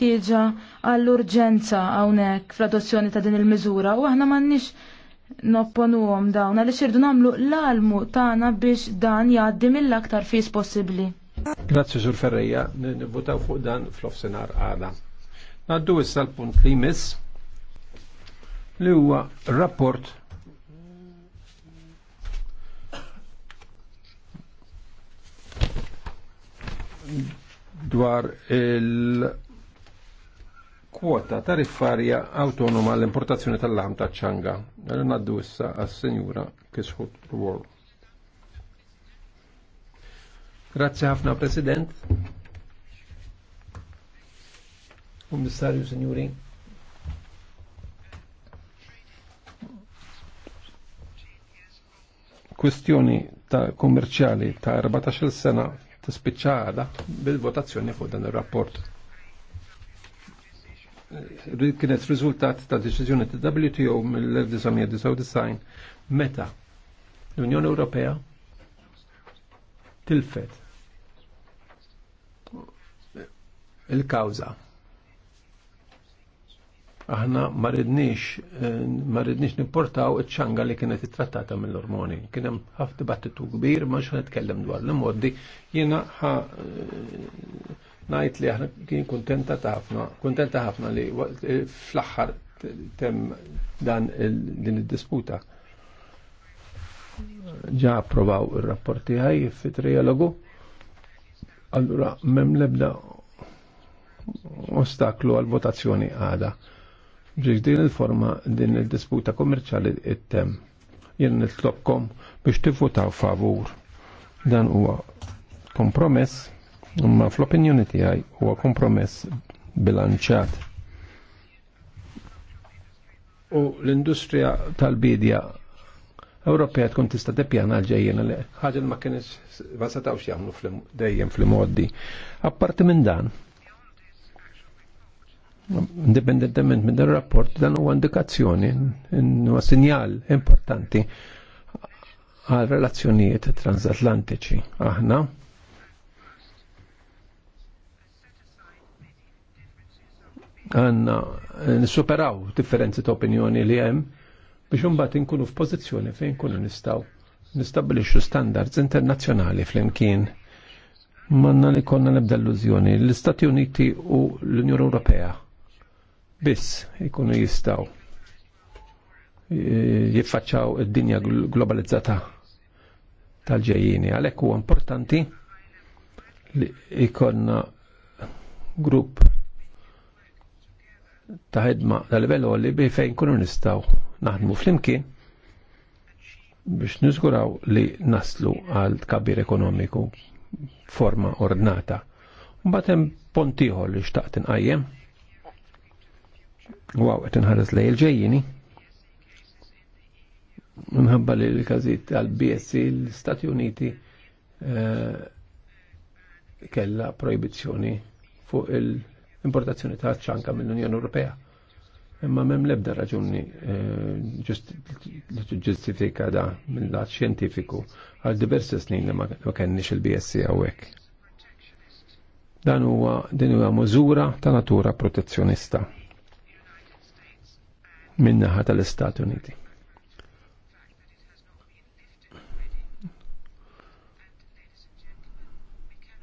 meħtieġa għall-urġenza hawnhekk fl-adozzjoni ta' din il-miżura u aħna m'għandniex nopponuhom dawn għaliex irdu nagħmlu l-almu tagħna biex dan jgħaddi mill-aktar fis possibbli. Grazzi Sur Ferreja, nivvotaw fuq dan fl-offsenar għada. Naddu issa l-punt li jmiss li huwa rapport dwar il kwota tariffarja autonoma l-importazzjoni tal-lahm ta' ċanga. Għallu naddu issa għas-senjura Kisħut World. Grazie ħafna, President. Kommissarju, senjuri. Kwestjoni ta' kummerċjali ta' 14 sena tispiċċa għada bil-votazzjoni fuq dan ir rapport kienet riżultat ta' deċiżjoni ta' WTO mill-1999 meta l-Unjoni Ewropea tilfet il-kawza. Aħna maridniex eh, maridniex nimportaw iċ-ċanga li kienet ittrattata mill-ormoni. Kien hemm ħafna dibattitu kbir ma xi nitkellem dwar l-modi jiena eh, ngħid li aħna kien kuntenta ħafna, kuntenta ħafna li fl-aħħar tem dan din id-disputa. Ġa approvaw ir rapporti tiegħi fit-trialogu. Allura mem lebda ostaklu għal votazzjoni għada. Biex din il-forma din il-disputa kommerċali it-tem. Jien nitlobkom biex tifutaw favur. Dan huwa kompromess imma fl-opinjoni tiegħi huwa kompromess bilanċat. U l-industrija tal-bidja Ewropea tkun tista' deppjana l-ġejjien li ħaġa ma kienx ma setgħux jagħmlu dejjem fl-modi. Apparti minn dan, indipendentement minn dan rapport dan huwa indikazzjoni, huwa sinjal importanti għal relazzjonijiet transatlantiċi. Aħna għanna eh, nissuperaw differenzi ta' opinjoni li hemm biex imbagħad inkunu f'pożizzjoni fejn kunu nistgħu nistabbilixxu standards internazzjonali flimkien. Manna li konna nebda illużjoni l-Istati Uniti u l-Unjoni Ewropea biss ikunu jistaw eh, jiffaċċaw id-dinja globalizzata tal-ġejjini. Għalhekk huwa importanti li ikonna grupp ta' ħedma ta' livell li bi fejn kunu nistaw naħdmu flimkien biex niżguraw li naslu għal kabir ekonomiku forma ordnata. Mbagħad hemm li xtaqt inqajjem. Għaw, għetin inħares lej il-ġejjini. Minħabba li l kazit għal bsc l-Stati Uniti eh, kella proibizzjoni fuq il- importazzjoni ta' ċanka mill-Unjoni Ewropea. Imma m'hemm l-ebda raġuni eh, li ġustifika da mill-lat xjentifiku għal diversi snin li ma kenniex il-BSC hawnhekk. Dan huwa din huwa mużura ta' natura protezzjonista min-naħa tal-Istati Uniti.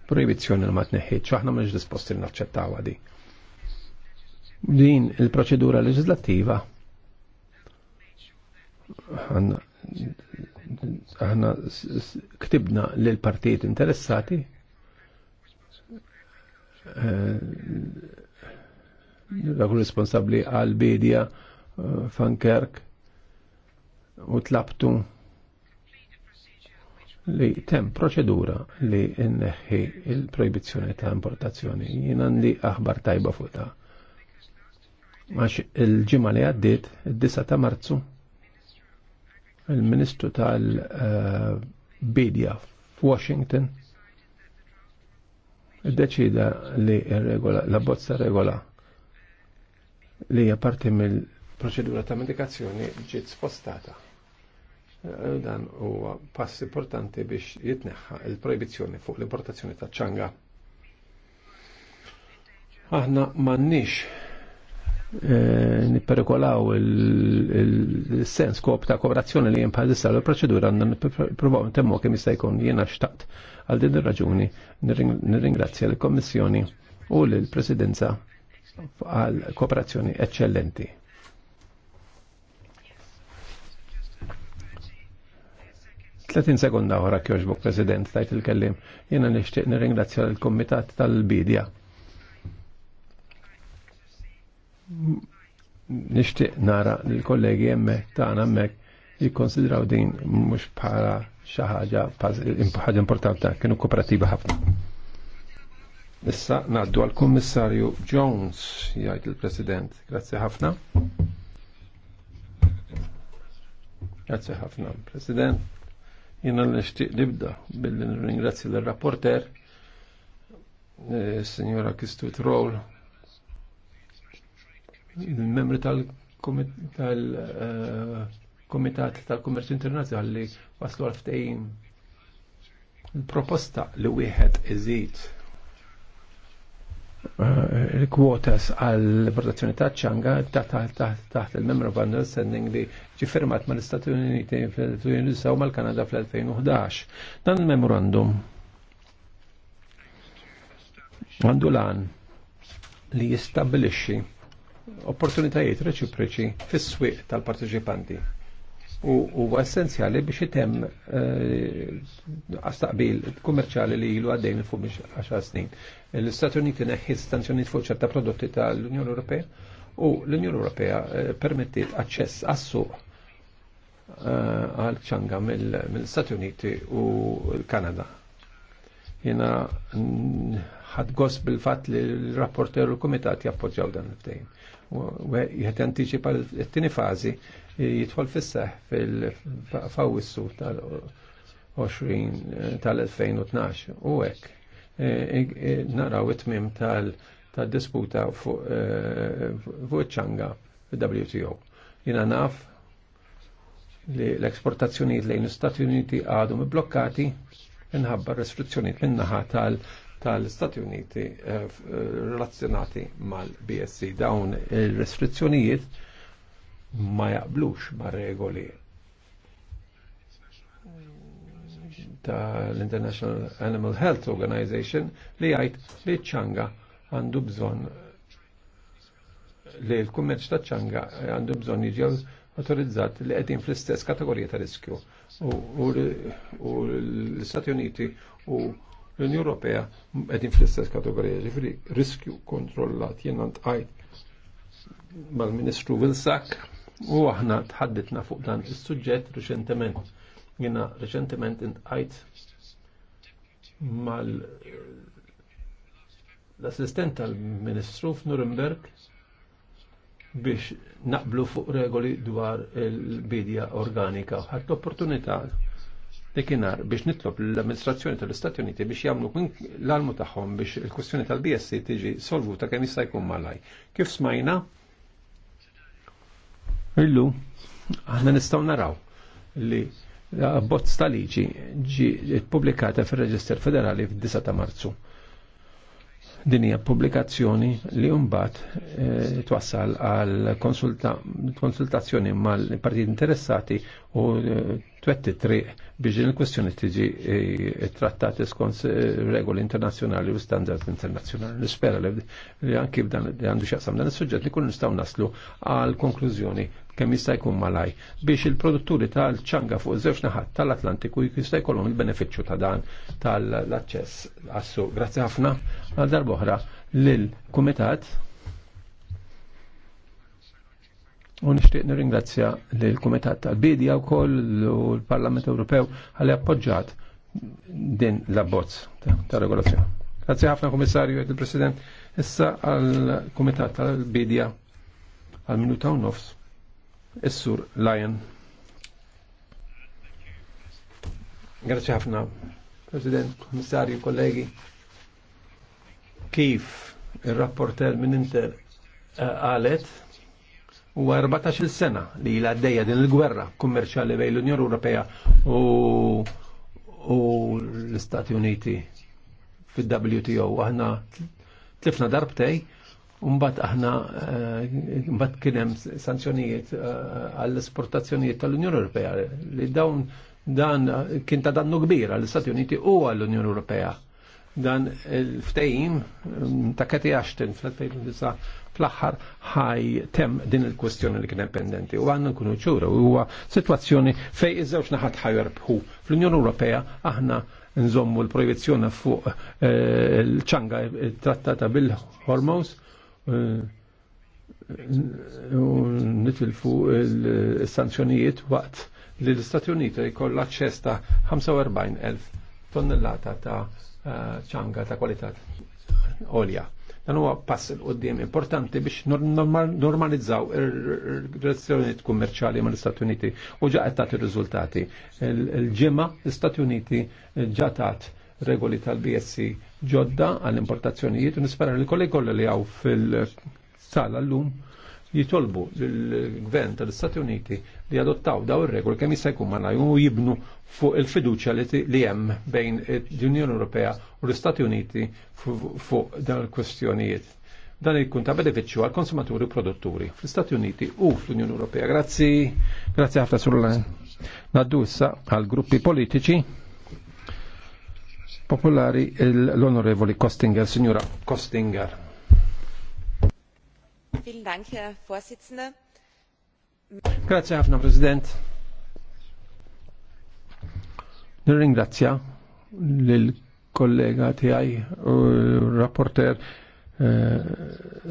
proibizjoni li ma tneħħitx, aħna mhux disposti naċċettawha di. Din il-proċedura leġislattiva aħna ktibna lil partijiet interessati eh, dak responsabbli għal-bidja eh, Fankerk u tlabtu li tem proċedura li inneħi il-proibizzjoni ta' importazzjoni jina li aħbar tajba fuq ta' għax il-ġimma li għaddit id-9 ta' marzu il-ministru tal-bidja f'Washington id-deċida li regola, la bozza regola li hija parti mill-proċedura ta' medikazzjoni ġiet spostata Eh, dan huwa pass importanti biex jitneħħa il-proibizzjoni fuq l-importazzjoni ta' ċanga. Aħna m'għandniex eh, nipperikolaw il-sens kop ta' kooperazzjoni li jimpazissa l-proċedura għandna n ntemmu kemm jista' jkun jiena xtaqt għal din ir-raġuni nirringrazzja l-Kommissjoni u l-Presidenza għal kooperazzjoni eccellenti. 30 sekunda wara kjoġbuk, President, tajt il-kellim. Jena nishtiq nirringrazzja l-Komitat tal-Bidja. Nishtiq nara l-kollegi jemme taħna mek jikonsidraw din mux bħala xaħġa ħaġa importanta kienu kooperativa ħafna. Issa naddu għal-Kommissarju Jones, jgħid il-President. Grazzi ħafna. Grazzi ħafna, President jina l-nishtiq nibda billi ringrazzi l-rapporter, eh, signora Kistut Rowl, il-membri tal-Komitat eh, tal-Kummerċ Internazzjonali waslu għal ftehim il-proposta li wieħed iżid Eh, il-kwotas għall importazzjoni ta' ċanga taħt il-memorandum sending li ġifirmat mal istati Uniti fl-2009 u mal-Kanada fl-2011. Dan il-memorandum għandu lan li jistabilixxi opportunitajiet reċipriċi fis-swieq tal-parteċipanti u huwa essenzjali biex item eh, għastaqbil kummerċali li ilu għaddejn fuq biex 10 snin. L-Istati Uniti neħħi stanzjoniet fuq ċerta prodotti tal-Unjoni Ewropea u l-Unjoni Ewropea eh, permettiet aċċess għas-suq eh, għal ċanga mill istat Uniti u l-Kanada. Jena ħadgos bil-fat li l-rapporter u l-komitat jappoġġaw dan l-ftejn. U għet anticipa l-tini fazi jitħol fisseħ fil-fawissu tal-20 tal-2012 u hekk e, e, e, naraw it-tmim tal-disputa fuq fil WTO. Jina naf li l-eksportazzjonijiet lejn l-Stati Uniti għadu blokkati minħabba restrizzjonijiet minnaħa tal- tal-Stati Uniti relazzjonati mal-BSC dawn il-restrizzjonijiet ma jaqblux ma' regoli ta' l-International Animal Health Organization li jgħid li ċanga għandu bżon li l-kummerċ ta' ċanga għandu bżon jiġi autorizzat li qegħdin fl-istess kategorija ta' riskju. U l-Stati Uniti u l-Unjoni Ewropea qegħdin fl-istess kategorija, ġifieri riskju kontrollat jien għajt mal-Ministru Vilsack U aħna tħaddetna fuq dan is-suġġett reċentement. Jiena reċentement intqajt mal l-assistent tal-Ministru f'Nuremberg biex naqblu fuq regoli dwar il-bidja organika. l opportunità dikinar biex nitlob l-amministrazzjoni tal-Istati Uniti biex jagħmlu l-almu tagħhom biex il-kwestjoni tal-BSC tiġi solvuta kemm jista' jkun malaj. Kif smajna? Illu, aħna nistaw naraw li l-bozz ta' liġi ġi publikata fil-Reġister Federali fid-9 ta' Marzu. Din hija pubblikazzjoni li mbagħad eh, twassal għal konsultazzjoni mal-partiti interessati u eh, twetti triq biex din il-kwestjoni tiġi eh, trattati skont regoli internazzjonali u standard internazzjonali. Nispera li anki għandu xaqsam dan is-suġġett li kun nistgħu naslu għal konklużjoni kemm jista' jkun malaj biex il-produtturi tal-ċanga fuq żewġ naħat tal-Atlantiku jista' jkollhom il-benefiċċju ta' dan tal-aċċess għassu. Grazzi ħafna għal darboħra lill-Kumitat. U nixtieq nirringrazzja lill-Kumitat tal-Bidja wkoll u l-Parlament Ewropew għalli appoġġjat din l-abbozz ta' regolazzjoni. Grazzi ħafna Kummissarju il-President. Issa għal kumitat tal-Bidja għal-minuta u nofs. Is-sur Lion. Grazie ħafna, President, Kommissarju, kollegi. Kif il-rapporter minn Inter eh, għalet u 14 sena li l għaddeja din il-gwerra kummerċali bejn l-Unjoni Ewropea u l-Istati Uniti fil-WTO. Aħna tlifna darbtej Umbat aħna eh, mbagħad kien hemm sanzjonijiet eh, għall-esportazzjonijiet tal-Unjoni Ewropea li dawn dan kien ta' dannu kbir għall-Istati Uniti u għall-Unjoni Ewropea. Dan il-ftehim mm, ta' Kati Ashton fl-2009 fl-aħħar ħaj tem din il-kwestjoni li kien pendenti u għandna nkunu ċura u huwa sitwazzjoni fej iż-żewġ naħat bħu. Fl-Unjoni Ewropea aħna nżommu l-projezzjoni fuq il-ċanga eh, trattata bil-Hormones Eh, nitilfu il-sanzjonijiet waqt li l-Istati Uniti jkollu aċċess ta' 45,000 tonnellata ta' eh, ċanga ta' kwalità olja. Dan huwa pass il qoddim importanti biex normalizzaw ir-relazzjonijiet kummerċali mal istati Uniti u ġaqet tagħti riżultati. Il-ġimgħa l-Istati Uniti ġatat regoli tal-BSC ġodda għall-importazzjonijiet u nispera li kollegi kollu li għaw fil-sala l-lum jitolbu l-gvern tal-Stati Uniti li adottaw daw ir-regoli kemm jista' jkun ma u jibnu fuq il-fiduċja li hemm bejn l-Unjoni Ewropea u l-Istati Uniti fuq dawn il-kwestjonijiet. Dan jkun ta' benefiċċju għal konsumaturi u produtturi fl-Istati Uniti u fl-Unjoni Europea. Grazzi, grazzi ħafna sur Naddu issa għal gruppi politiċi Popolari l-Onorevoli Kostinger, Signora Kostinger. Vielen Dank, Herr Grazie Afna President. Nirringrazzja lill-kollega tiegħi u rapporter eh,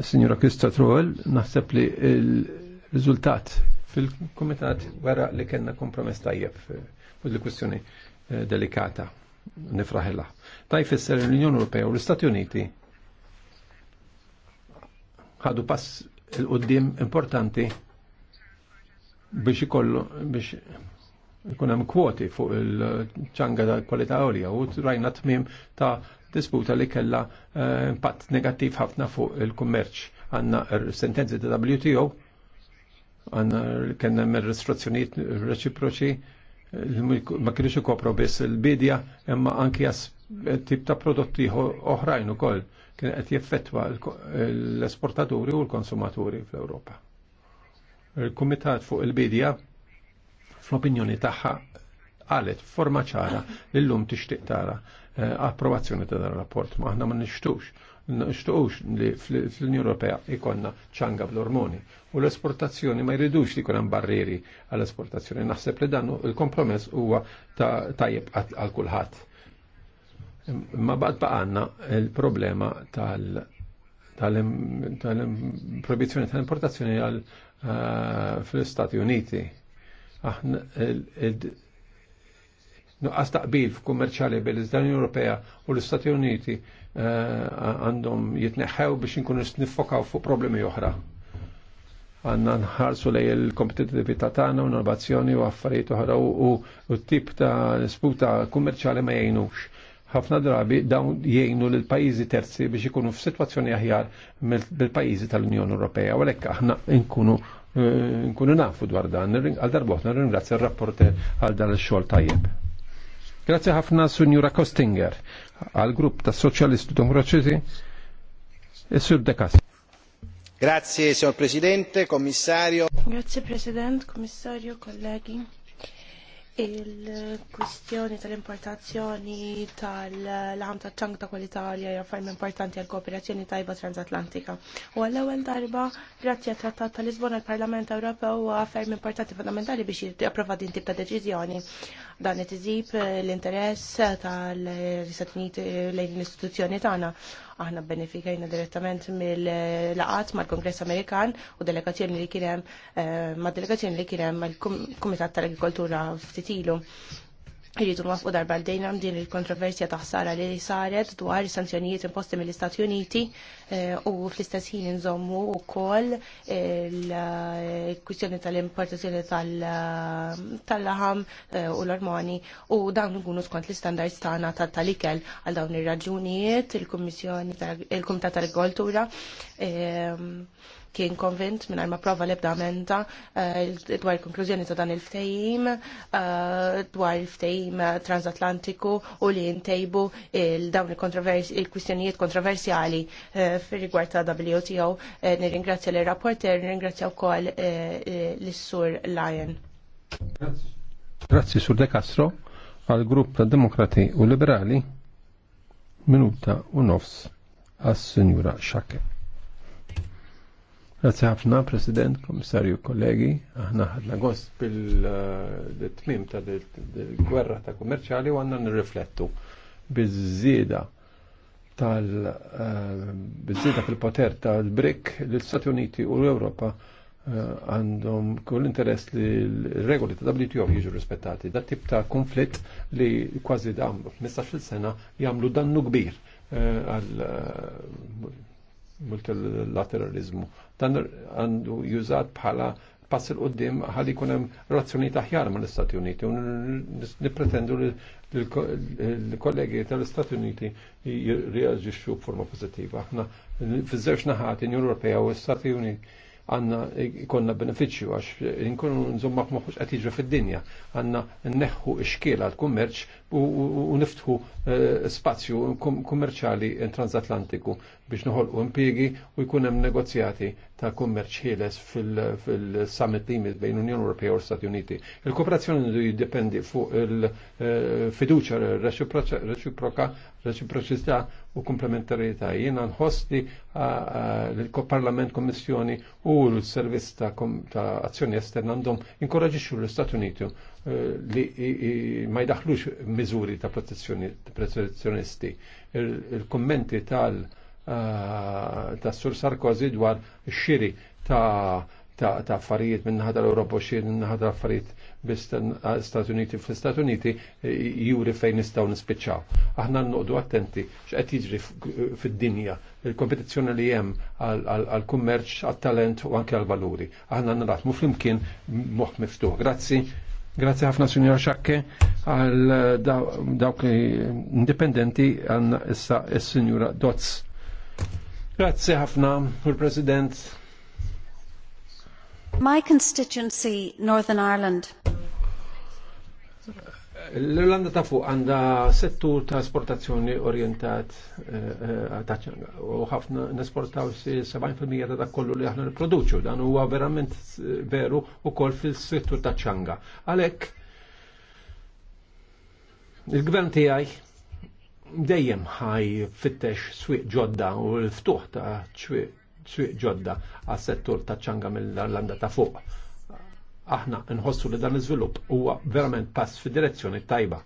Signora Krista Truel, naħseb li l-riżultat fil komitat wara li kellna kompromess tajjeb eh, fuq il eh, delikata nifraħilla. Ta' jfisser l-Unjoni Ewropea u l-Istati Uniti ħadu pass il-qoddim importanti biex ikollu biex ikun hemm kwoti fuq il-ċanga ta' kwalità għolja u rajna tmiem ta' disputa li kella eh, impatt negattiv ħafna fuq il-kummerċ. għandna sentenzi ta' WTO, għanna kena restrizzjonijiet reċiproċi ma kienux ikopru biss il-bidja imma anki jas tip ta' prodotti oħrajn ukoll kien qed jeffettwa l-esportaturi u l-konsumaturi fl-Ewropa. Il-Kumitat fuq il-bidja fl-opinjoni tagħha qalet forma ċara llum tixtieq tara eh, approvazzjoni ta' dan rapport ma aħna ma nixtux nxtuqux li fl-Unjoni Ewropea ikonna ċanga bl-ormoni u l-esportazzjoni ma jridux li kunem barrieri għall-esportazzjoni. Naħseb li dan il-kompromess huwa tajjeb għal kulħadd. Ma bad baqanna il-problema tal-proibizjoni tal-importazzjoni eh, fl-Stati Uniti nuqqas taqbil f'kummerċali bil l-Izdani Ewropea u l-Istati Uniti eh, għandhom jitneħħew biex nkunu nifokaw fuq problemi oħra. Għanna nħarsu lej il ta' tagħna u innovazzjoni u affarijiet oħra u t-tip ta' disputa kummerċali ma jgħinux. Ħafna drabi dawn jgħinu l pajjiżi terzi biex ikunu f'sitwazzjoni aħjar mill-pajjiżi tal-Unjoni Ewropea, u għalhekk aħna nkunu eh, nkunu nafu dwar dan. Għal darboħna ringrazzja r-rapporter għal dan il-xogħol tajjeb. Grazie ħafna Sunjura Kostinger għal grupp ta' Soċjalistu Demokraċiti e Sur De Castro. Grazie signor Presidente, Commissario. Grazie President, Commissario, kollegi. Il-kwistjoni tal-importazzjoni tal-lam ta' ċang ta' kwalitarja jaffarm importanti għal kooperazzjoni tajba transatlantika. U għall-ewwel darba, grazzi għat trattat tal-Lisbona, il-Parlament Ewropew u għaffarm importanti fondamentali biex japprova din tip ta' deċiżjoni dan it-tizib eh, l-interess tal-Istat eh, lejn l-istituzzjoni tagħna. Aħna benefikajna direttament mill-laqat mal-Kongress Amerikan u delegazzjoni li kien hemm eh, ma' delegazzjoni li kien hemm mal-Kumitat tal-Agrikoltura ftit ilu Irridu nwafqu darba l-dejna din il-kontroversja taħsara li saret dwar sanzjonijiet imposti mill-Istati Uniti eh, u fl-istess ħin nżommu wkoll il-kwistjoni eh, tal-importazzjoni tal-laħam eh, u l-ormoni u dawn nkunu skont l-istandards tagħna tal-ikel għal dawn ir-raġunijiet il-Kummissjoni il-Kumitat tal-Agrikoltura kien konvint minn ma prova lebda menta eh, dwar il konklużjoni ta' dan il-ftejim, eh, dwar il-ftejim transatlantiku u li ntejbu il-dawn il-kwistjonijiet kontroversjali eh, fir rigward ta' WTO. Nirringrazzja l-rapporter, nirringrazzja wkoll l-Sur Lion. Grazzi, Sur De Castro, għal-grupp ta' Demokrati u Liberali, minuta u nofs għas-Sinjura Xakke. Grazie ħafna, President, Komissarju, kollegi. Aħna ħadna gost bil-tmim ta' gwerra ta' kummerċali u għanna nirriflettu biż-żieda tal eh, biż-żieda fil-poter tal-BRIC l-Stati Uniti u l-Ewropa eh, għandhom kull interess li l-regoli ta' WTO jiġu rispettati. Da' tip ta' konflitt li kważi da' 15 sena jagħmlu dannu kbir eh, għal multilateralizmu. Dan għandu jużat bħala pass il qoddim ħalli jkun hemm razzjoni taħjar mal istati Uniti u nippretendu li l-kollegi tal-Istati Uniti jirreaġixxu b'forma pożittiva. Aħna fiż-żewġ naħat in Ewropea u l-Istati Uniti għanna ikonna beneficju għax inkunu nżomma f'moħħux qed jiġri fid-dinja, għanna neħħu xkiel l-kummerċ u niftħu eh, spazju kummerċali transatlantiku biex noħolqu impjiegi u jkun hemm negozjati ta' kummerċ ħieles fil-summit fil limit bejn Unjoni Ewropea u Stati Uniti. Il-kooperazzjoni jiddependi fuq il-fiduċa eh, reċiproka, reċiproċità u komplementarjetà. Jiena nħosti l-Parlament, Kommissjoni u l-Servizz ta' ta' Azzjoni Esterna għandhom inkoraġixxu l-Stati Uniti eh, li ma jdaħlux miżuri ta' protezzjonisti. Il-kommenti tal- Eh, ta' Sur Sarkozy dwar xiri ta' ta' ta' affarijiet minn l Ewropa u xiri minn ħadar affarijiet bl-Stati Uniti fl-Stati Uniti eh, juri fejn nistgħu nispiċċaw. Aħna nnoqdu attenti x'qed jiġri fid-dinja, il-kompetizzjoni li hemm għall-kummerċ, għat-talent u anke għall-valuri. Aħna nratmu flimkien moħħ miftuħ. Grazzi. Grazzi ħafna Sinjor Xakke għal eh, dawk li indipendenti għanna issa is-Sinjura Dotz. Grazie ħafna, Mr. President. My constituency, Northern Ireland. L-Irlanda ta' fuq għanda settur ta' esportazzjoni orientat eh, eh, u ħafna nesportaw si 70% ta' kollu li aħna nipproduċu. Dan huwa verament eh, veru u ukoll fil-settur ta' ċanga. Għalek, il-gvern tijaj, dejjem ħaj fittex swieq ġodda u l-ftuħ ta' swieq ġodda għas settur ta' ċanga mill-Irlanda ta' fuq. Aħna nħossu li dan iżvilupp huwa verament pass fid direzzjoni tajba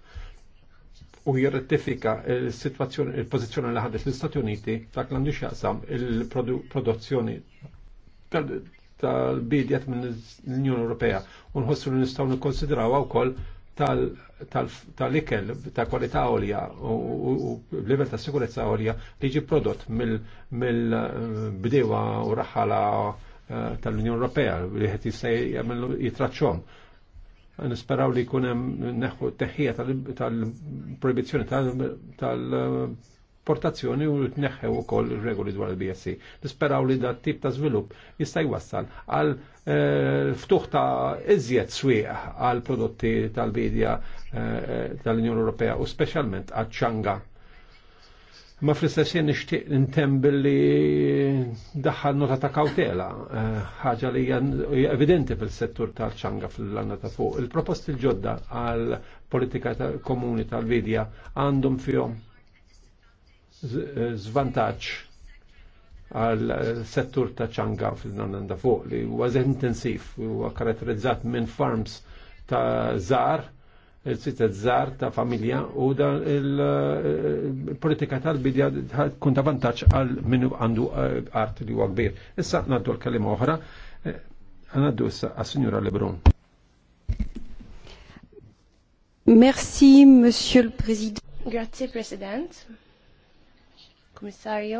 u jirrettifika il-situazzjoni, il-pozizjoni li ħadet l-Istati Uniti dak l xaqsam il-produzzjoni tal-bidjet minn l-Unjoni Ewropea u nħossu li nistgħu nikkonsidraw wkoll tal-ikel ta' kwalità għolja u level ta' sikurezza għolja li ġi prodott mill-bdewa eh, u raħala eh, tal-Unjoni Ewropea li qed jista' jagħmlu jitraċċhom. Nisperaw li kunem neħu teħija tal-proibizjoni tal proibizjoni tal portazzjoni u tneħħew ukoll ir-regoli dwar il-BSC. Nisperaw li dat tip ta' żvilupp jista' jwassal għal eh, ftuħ ta' iżjed swieq għal prodotti tal-bidja eh, tal-Unjoni Ewropea u speċjalment għal ċanga. Ma fl-istess jien nixtieq intem billi daħħal nota ta' kawtela, eh, ħaġa li hija evidenti fil-settur tal-ċanga fil-landa ta' fuq. Il-proposti l-ġodda għal politika komuni tal-vidja għandhom fihom Eh, zvantaċ għal eh, settur ta' ċanga fil-Nanda fuq li huwa intensiv huwa karatterizzat minn farms ta' zar, il-sita zar ta' familja u da il-politika eh, tal-bidja kun ta' vantaċ għal minn għandu art li huwa kbir. Issa naddu l kalima oħra, għanaddu issa għas-Sinjura Lebron. Merci, Monsieur le Président. Grazie, President. Kummissarju.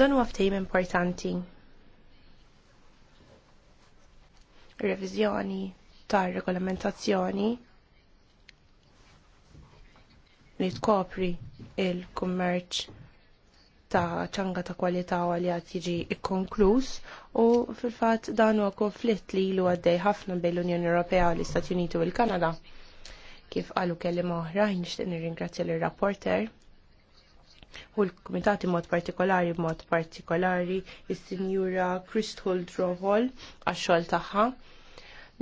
Dan huwa ftehim importanti. Reviżjoni tar-regolamentazzjoni li tkopri il-kummerċ ta' ċanga ta' kwalità u li għad jiġi ikkonkluż u fil-fatt dan huwa konflitt li ilu għaddej ħafna bejn l-Unjoni Ewropea u l-Istati Uniti u l-Kanada. Kif qalu kellim oħra, nixtieq nirringrazzja l rapporter u l-Kumitati mod partikolari mod partikolari il sinjura Kristol Drovol, għax-xogħol tagħha.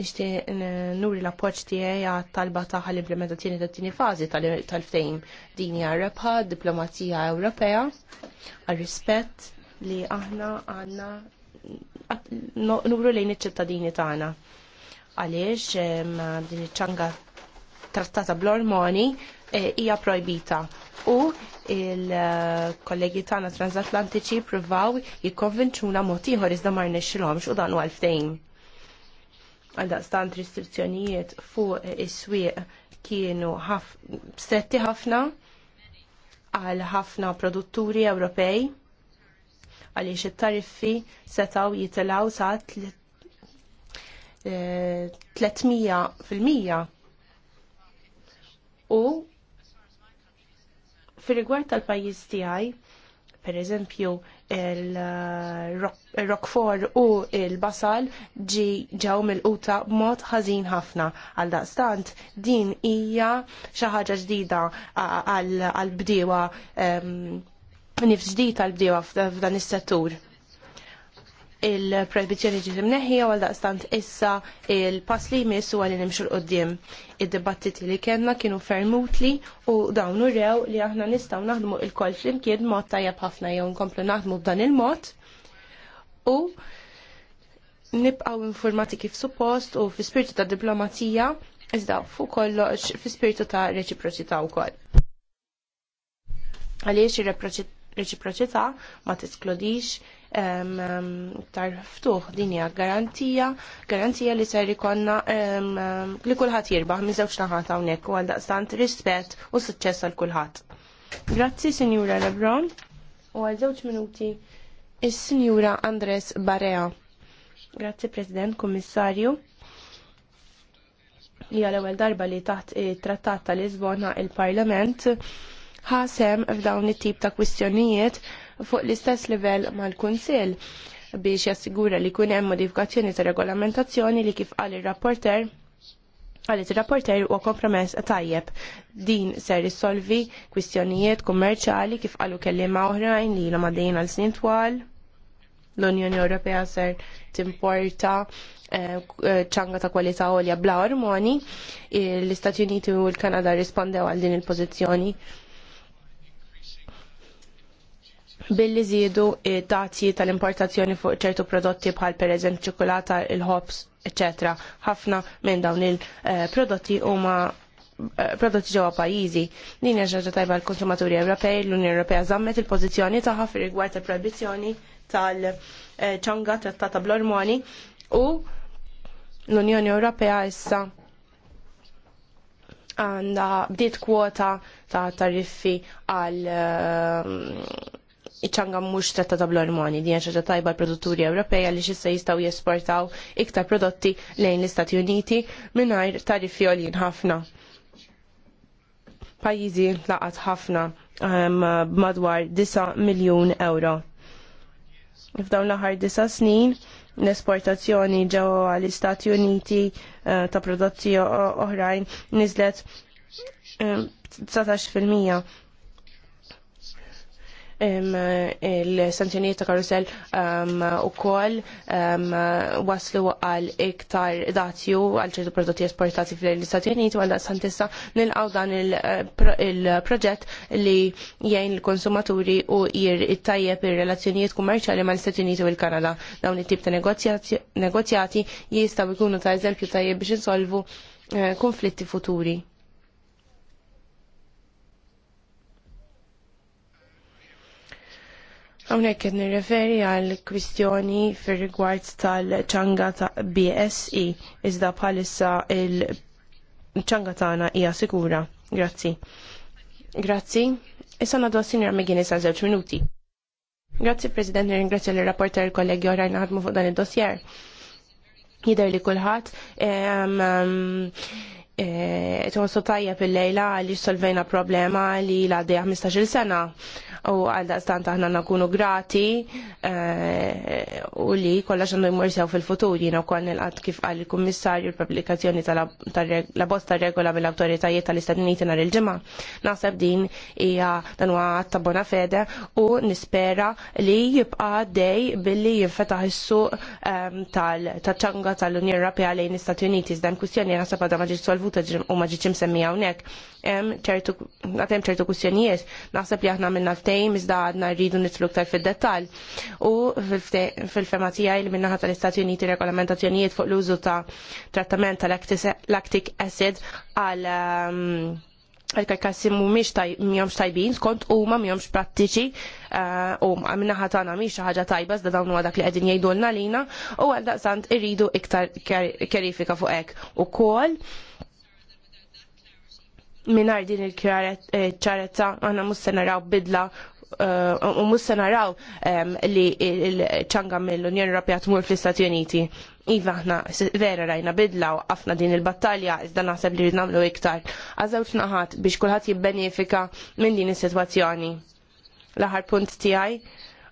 Nixtieq nuri l-appoġġ tiegħi għat-talba tagħha l-implementazzjoni tat-tieni fażi tal-ftehim din hija rebħa diplomazija Ewropea għar-rispett li aħna għandna nuru lejn iċ-ċittadini tagħna. Għaliex din iċ ċangat trattata bl-ormoni eh, hija projbita. U il-kollegi tagħna transatlantiċi pruvaw jikkonvinċuna mod ieħor iżda ma rnexxilhomx u dan huwa għalftejn. Għaldaqstant restrizzjonijiet fuq is-swieq kienu stretti ħafna għal ħafna produtturi Ewropej għaliex it-tariffi setaw jitilaw sa' 300 eh, fil-mija U fil-rigward tal-pajjiż tiegħi, per eżempju il-Rockford u il-Basal ġi ġew mill-quta b'mod ħażin ħafna. Għal daqstant din hija xi ħaġa ġdida għal bdiewa nif ġdid għal bdiewa f'dan is-settur il-prohibizjoni ġiet imneħħija għal daqstant issa il-pass li jmiss u għalli nimxu l-qoddim. Id-dibattiti li kellna kienu fermutli u dawn rew li aħna nistgħu naħdmu il-kol flimkien mod tajjeb ħafna jew nkomplu naħdmu b'dan il-mod u nibqgħu informati kif suppost u fi spiritu ta' diplomatija iżda fuq kollox fi spiritu ta' reċiproċità wkoll. Għaliex ir-reċiproċità ma tiskludix tar ftuħ din hija garantija, garantija li ser ikonna li kulħadd jirbaħ minn żewġ naħat hawnhekk u għaldaqstant rispett u suċċess għal kulħadd. Grazzi Sinjura Lebron u għal żewġ minuti is-Sinjura Andres Barea. Grazzi President, Kummissarju hija l-ewwel darba li taħt trattata trattat ta' Lisbona il-Parlament ħasem f'dawn it-tip ta' kwistjonijiet fuq l-istess livell mal-Kunsill biex jassigura li kun hemm modifikazzjoni ta' regolamentazzjoni li kif qal ir-rapporter għalet il-rapporter u kompromess tajjeb. Din ser risolvi kwistjonijiet kummerċali kif qalu kelli oħrajn li l għaddejn għal snin twal. L-Unjoni Ewropea ser timporta eh, eh, ċanga ta' kwalità għolja bla ormoni. Eh, L-Istati Uniti u l-Kanada rispondew għal din il-pozizjoni billi zidu tazzi tal-importazzjoni fuq ċertu prodotti bħal per eżempju ċokolata, il-ħobs, etc. ħafna minn dawn il-prodotti huma eh, prodotti ġewwa pajjiżi. Din hija ġaġa tajba l-konsumaturi Ewropej, l-Unjoni Ewropea żammet il-pożizzjoni tagħha fir-rigward il-proibizzjoni tal-ċanga eh, trattata bl-ormoni u l-Unjoni Ewropea issa għandha bdiet kwota ta' tariffi għal eh, iċanga mux tratta ta' bl-ormoni di ċaġa tajba l-produtturi Ewropej għalli xissa jistaw jesportaw iktar prodotti lejn l-Istati Uniti minnajr tariffi olin ħafna. Pajizi laqat ħafna ehm, madwar 9 miljon euro. F'dawn l-aħħar disa snin, l-esportazzjoni ġewwa għall istati Uniti eh, ta' prodotti oħrajn nizlet 19 ehm, fil-mija il-sanzjonijiet ta' karusel u kol waslu għal iktar datju għal ċertu prodotti esportati fl-Istati Uniti u għal santissa nilqaw dan il-proġett eh, li jgħin l-konsumaturi u jir it-tajjeb il-relazzjonijiet kummerċali ma' l-Istati Uniti u l-Kanada. Dawn it-tip ta' negozjati jistaw ikunu ta' eżempju tajjeb biex insolvu eh, konflitti futuri. Hawnhekk qed nirreferi għal kwistjoni fir-rigward tal-ċanga ta' BSE iżda bħalissa il-ċanga tagħna hija sikura. Grazzi. Grazzi. Issa nagħdu għas-Sinjor McGinnis sa' żewġ minuti. Grazzi President, nirringrazzja l rapporter kollegi orajna ħadmu fuq dan id-dossier. Jidher li kulħadd ehm, Eh, toħsu tajjeb pil lejla li solvejna problema li l għaddeja 15 sena u għal stanta ħna nakunu grati eh, u li kollax għandu sew fil-futur jina u koll nil-għad kif għal il-kommissarju l-publikazzjoni tal bosta regola mill-autoritajiet tal-Istat Uniti nar il ġemma Naħseb din hija dan huwa ta' bona fede u nispera li jibqa' dej billi jinfetaħ is-suq ehm, tal-ċanga tal-Unjoni Ewropea lejn Istati Uniti. Dan kwistjoni nasab għadha ma solvu involuta u ma semmi għawnek. Għatem ċertu kustjonijiet, naħseb li aħna minna ftejm, iżda għadna rridu nitlu ktar fil-detal. U fil femati għaj li minna ħata l-Istati Uniti regolamentazzjonijiet fuq l-użu ta' trattament tal-lactic acid għal għal-karkassi mu miex tajbin, skont u ma miħomx prattiċi, eh, u minna ħatana miex ħagġa tajba, zda dawnu għadak li għedin l lina, u għal-daqsant irridu iktar kjerifika fuq ek. U kol, minar din il-ċarezza eh, għana musse naraw bidla eh, u musse naraw ehm, li ċanga mill-Unjoni Europea tmur fl-Istati Uniti. Iva ħna vera rajna bidla u għafna din il-battalja iżda naħseb li rridnamlu iktar. Għazaw naħat biex kullħat jibbenefika minn din is-sitwazzjoni. l punt tiegħi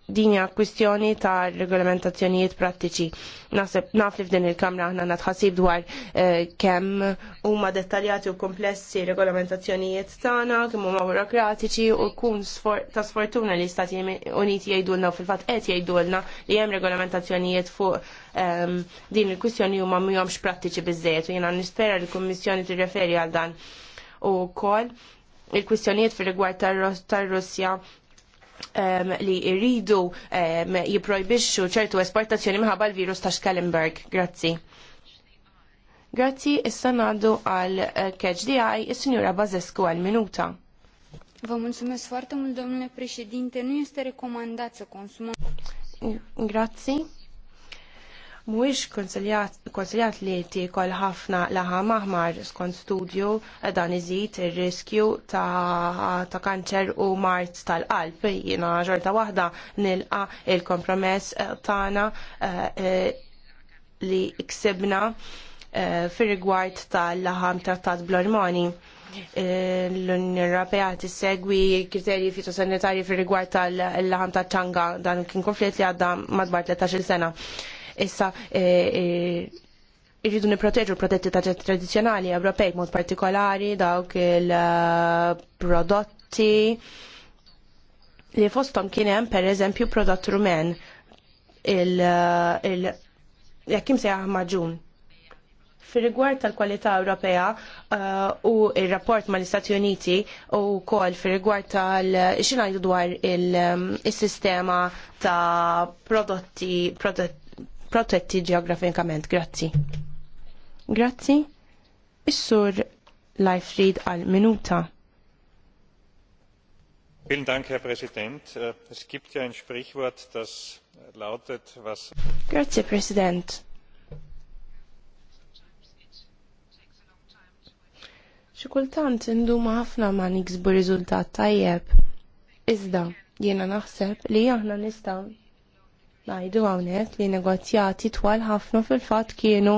din hija kwistjoni ta' regolamentazzjonijiet prattiċi. Naseb naf li f'din il-Kamra aħna natħassib dwar eh, kemm huma dettaljati u komplessi regolamentazzjonijiet tagħna, kemm huma burokratiċi u kun ta' sfortuna li Stati Uniti jgħidulna u fil-fatt qed jgħidulna li hemm regolamentazzjonijiet fuq ehm, din il-kwistjoni huma mhijomx prattiċi biżejjed u jiena nispera li l-Kummissjoni tirreferi għal dan u kol il-kwistjonijiet fil-rigward tar-Russja um, li jridu um, jiprojbixxu ċertu esportazzjoni minħabba l-virus ta' Schellenberg. Grazzi. Grazzi, issa nadu għal KHDI, eh, is-Sinjura Bazescu għal minuta. Vă mulțumesc foarte mult, domnule președinte. Nu este recomandat să consumăm... Grazie mhuwiex konsiljat li kol ħafna laħa maħmar skont studju dan iżid ir-riskju ta', ta kanċer u mart tal-qalb. Jiena ġorta waħda nilqa il-kompromess eh, tagħna eh, eh, li ksibna fir-rigward tal-laħam trattat bl-ormoni l-Unjoni Ewropea tissegwi kriterji fitosanitarji fir rigward tal-laħam ta' ċanga dan kien konflitt li għadda madwar 13 sena. Issa eh, eh, irridu niproteġu protetti ta' tradizjonali Ewropej mod partikolari dawk il-prodotti eh, li fostom kien hemm pereżempju prodott rumen il, il jekk imsejjaħ maġun. Fir-rigward tal-kwalità Ewropea u il rapport mal-Istati Uniti u wkoll fir-rigward tal xi dwar il-sistema ta' prodotti prodotti protetti ġeografikament. Grazzi. Grazzi. Is-sur Life Read għal minuta. Vielen Dank, Herr Präsident. Äh, es gibt ja ein Sprichwort, das lautet, was... Grazie, Präsident. Xikultant induma ħafna ma niksbu rizultat tajjeb. Iżda, jena naħseb li jahna nistaw najdu għawnek li negozjati twal ħafna fil-fat kienu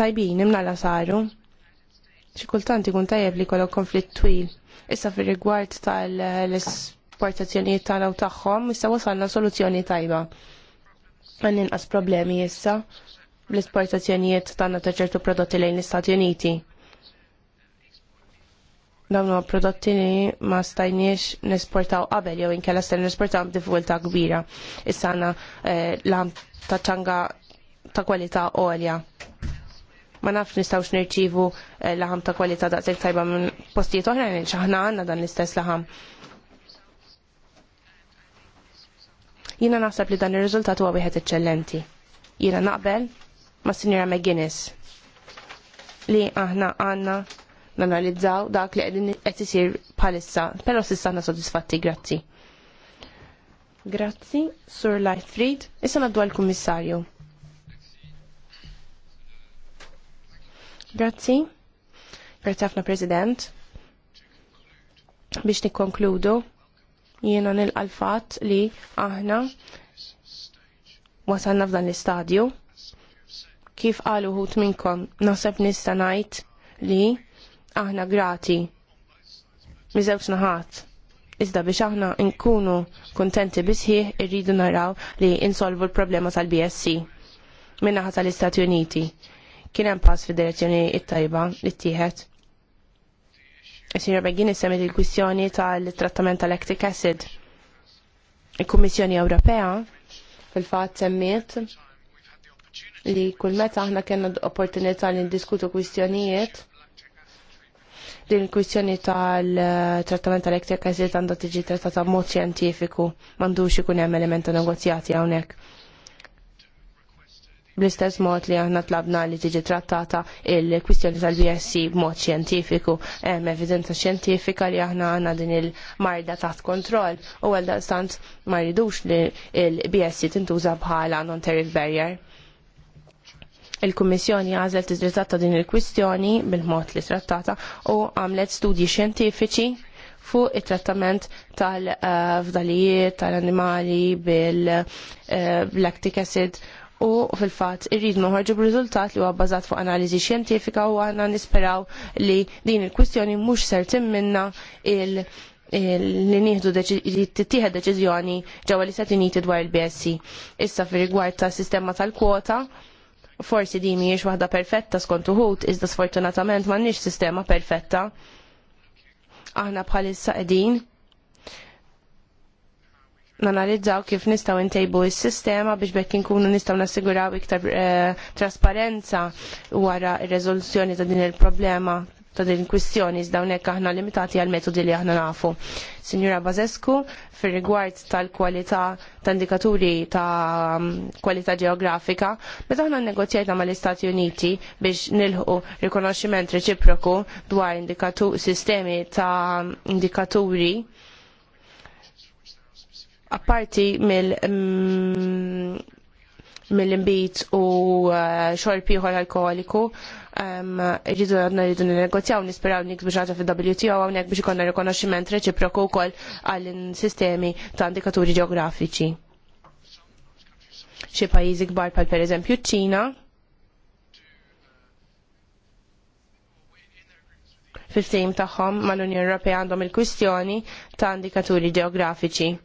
tajbin imna la saru. Xikultanti kun tajjeb li kolok konflitt twil. Issa fil rigward tal-esportazzjoniet tal-għaw taħħom, issa wasalna soluzzjoni tajba. Għannin as problemi issa l-esportazzjonijiet tal ta' ċertu prodotti lejn l-Istati Uniti dawn huwa prodotti li ma stajniex nesportaw qabel jew inkella stajn nesportaw b'difikultà kbira. Issa għandna eh, lam ta' ċanga ta' kwalità għolja. Ma nafx nistgħux nirċivu eh, laħam ta' kwalità daqshekk tajba minn postijiet oħra li xaħna għandna dan l-istess laħam. Jiena naħseb li dan ir-riżultat huwa wieħed eċċellenti. Jiena naqbel ma' Sinjora McGuinness li aħna għandna nanalizzaw dak li qegħdin qed isir bħalissa, però s'issa aħna soddisfatti, grazzi. Grazzi, Sur Lightfried, issa naddu għall-Kummissarju. Grazzi, grazzi ħafna President. Biex nikkonkludu, jiena nil fatt li aħna wasanna f'dan l-istadju. Kif qalu hut minkom, naħseb nista' ngħid li aħna grati miżewġ naħat. Iżda biex aħna nkunu kontenti bisħi irridu naraw li insolvu l-problema tal-BSC minnaħa tal-Istati Uniti. Kien hemm pass fid-direzzjoni it-tajba li ttieħed. Is-Sinjor Beggin semmet il-kwistjoni tal-trattament tal-lactic acid. Il-Kummissjoni Ewropea fil-fatt semmiet li kull meta aħna kellna opportunità li ndiskutu kwistjonijiet Din il-kwistjoni tal-trattament tal ektar għazit għandu tiġi trattata mod xjentifiku, m'għandux ikun hemm elementa negozjati hawnhekk. Bl-istess mod li aħna tlabna li tiġi trattata il-kwistjoni tal-BSC b'mod xjentifiku, hemm evidenza xjentifika li aħna għandna din il-marda taħt kontroll u għal ma rridux li il-BSC tintuża bħala non-tariff barrier il-Kummissjoni għażel tiżrizzata din il-kwistjoni bil-mod li trattata u għamlet studji xjentifiċi fuq it-trattament tal-fdalijiet, tal-animali, bil-lactic acid u fil-fat irrid noħorġu b'riżultat li huwa bbażat fuq analiżi xjentifika u għandna nisperaw li din il-kwistjoni mhux ser timminna il- li nieħdu tittieħed deċiżjoni ġewwa li se Uniti dwar il-BSC. Issa fir rigward tas sistema tal-kwota, Forsi di miex waħda perfetta skont uħut, iżda sfortunatament m'għandniex sistema perfetta. Aħna bħalissa edin nanalizzaw kif nistaw intejbu il-sistema biex bekk inkunu nistaw nassiguraw iktar eh, trasparenza wara il-rezoluzzjoni ta' din il-problema ta' din kwistjoni iżda hawnhekk aħna limitati għal metodi li aħna nafu. Sinjura Bazescu, fir rigward tal-kwalità ta' indikaturi ta' kwalità ġeografika, meta aħna negozjajna mal-Istati Uniti biex nilħu rikonoxximent reċiproku dwar sistemi ta' indikaturi apparti mill mm, mill-imbit u uh, xorpi uħor alkoholiku. Um, rridu għadna rridu n-negozjaw, nisperaw niksbu xaġa fil-WTO għawnek biex ikonna rikonoximent reċiproku u koll għall-sistemi ta' indikaturi ġeografiċi. Xie pajizi gbar pal per eżempju ċina, fil-ftejm tagħhom mal-Unjoni Ewropea għandhom il-kwistjoni ta' indikaturi ġeografiċi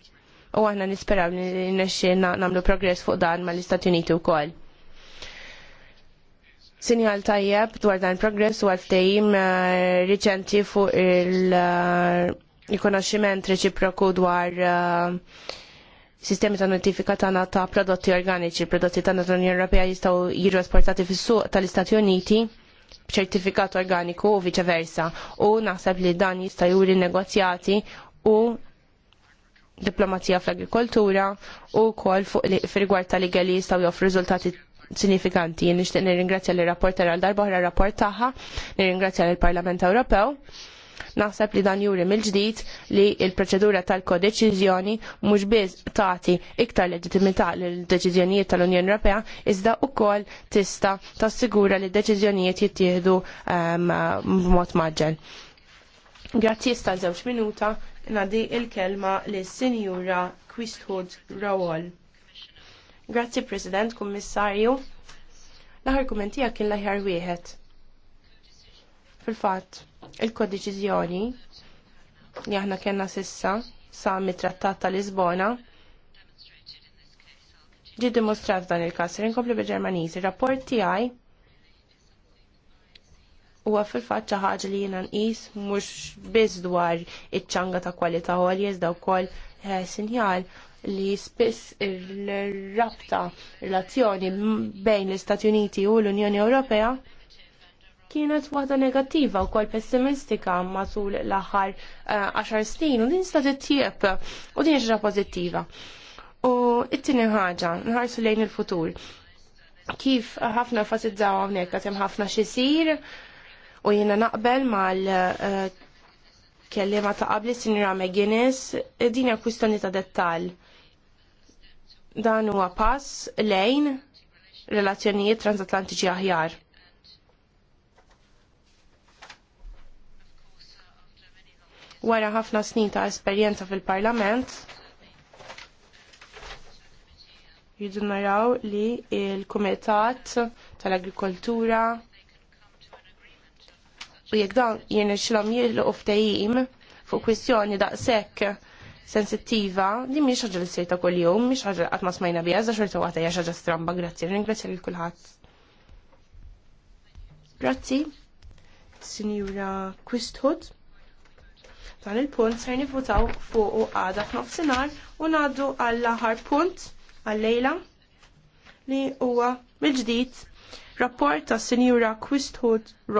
u aħna nisperaw li nexxina nagħmlu progress fuq dan mal-Istati Uniti wkoll. Sinjal tajjeb dwar dan progress u għal-ftejim eh, riċenti fuq il-rikonoxximent eh, reċiproku dwar eh, sistemi ta' notifika tagħna ta' prodotti organiċi, prodotti tan-na tal-Unjoni Ewropea jistgħu jiġu esportati fis-suq tal-Istati Uniti b'ċertifikat organiku u viċeversa. U naħseb li dan jista' juri negozjati u diplomazija fl-agrikoltura u kol fuq fil-rigward tal-iga jistaw joffru riżultati sinifikanti. Nishtiq nirringrazzja l-rapporter għal darba oħra rapport taħħa, nirringrazzja l-Parlament Ewropew. Naħseb li dan juri mill-ġdid li il-proċedura tal-kodeċiżjoni mhux biss tagħti iktar leġitimità l deċiżjonijiet tal-Unjoni Ewropea iżda wkoll tista' tassigura li d-deċiżjonijiet jittieħdu ehm, b'mod maġġel. Grazzi sta' żewġ minuta nadi il-kelma li sinjura Quisthood Rawol. Grazzi President, Kummissarju. L-aħar kumentija kien l-aħjar wieħed. Fil-fatt, il kodiċiżjoni li aħna kena sissa sa' mit-trattat ta' Lisbona ġi dimostrat dan il-kas, rinkompli bil ġermaniżi rapport tiegħi huwa fil-fatt ħagġa li jiena nqis mhux biss dwar iċ-ċanga ta' kwalità għolja iżda wkoll eh, sinjal li spiss il-rabta relazzjoni bejn l-Istati Uniti u l-Unjoni Ewropea kienet waħda negattiva u kol pessimistika matul l-aħħar 10 eh, snin u din sta titjieb u din ġra pozittiva. U it-tini ħaġa, nħarsu lejn il-futur. Kif ħafna fasizzaw għawnek, għatem ħafna xisir, u jiena naqbel mal eh, kellima ta' qabli Sinjura McGuinness eh, din hija kwistjoni ta' dettall. Dan huwa pass lejn relazzjonijiet transatlantiċi aħjar. Wara ħafna snin ta' esperjenza fil-Parlament, jidu naraw li il-Kumitat tal-Agrikoltura u jekk dan jirnexxilhom jilqu ftehim fuq kwistjoni daqshekk sensittiva, di mhix xaġa li ssir kol kuljum, mi ħaġa qatt ma smajna biha, iżda xorta għata jaxa ġa stramba, grazzi, ringrazzi lil kulħadd. Grazzi, Sinjura Quisthood. Dan il-punt ser nifutaw fuq u għada f'nofsinhar u ngħaddu għall-aħħar punt għall lejla li huwa mill-ġdid rapport ta' Sinjura Quisthood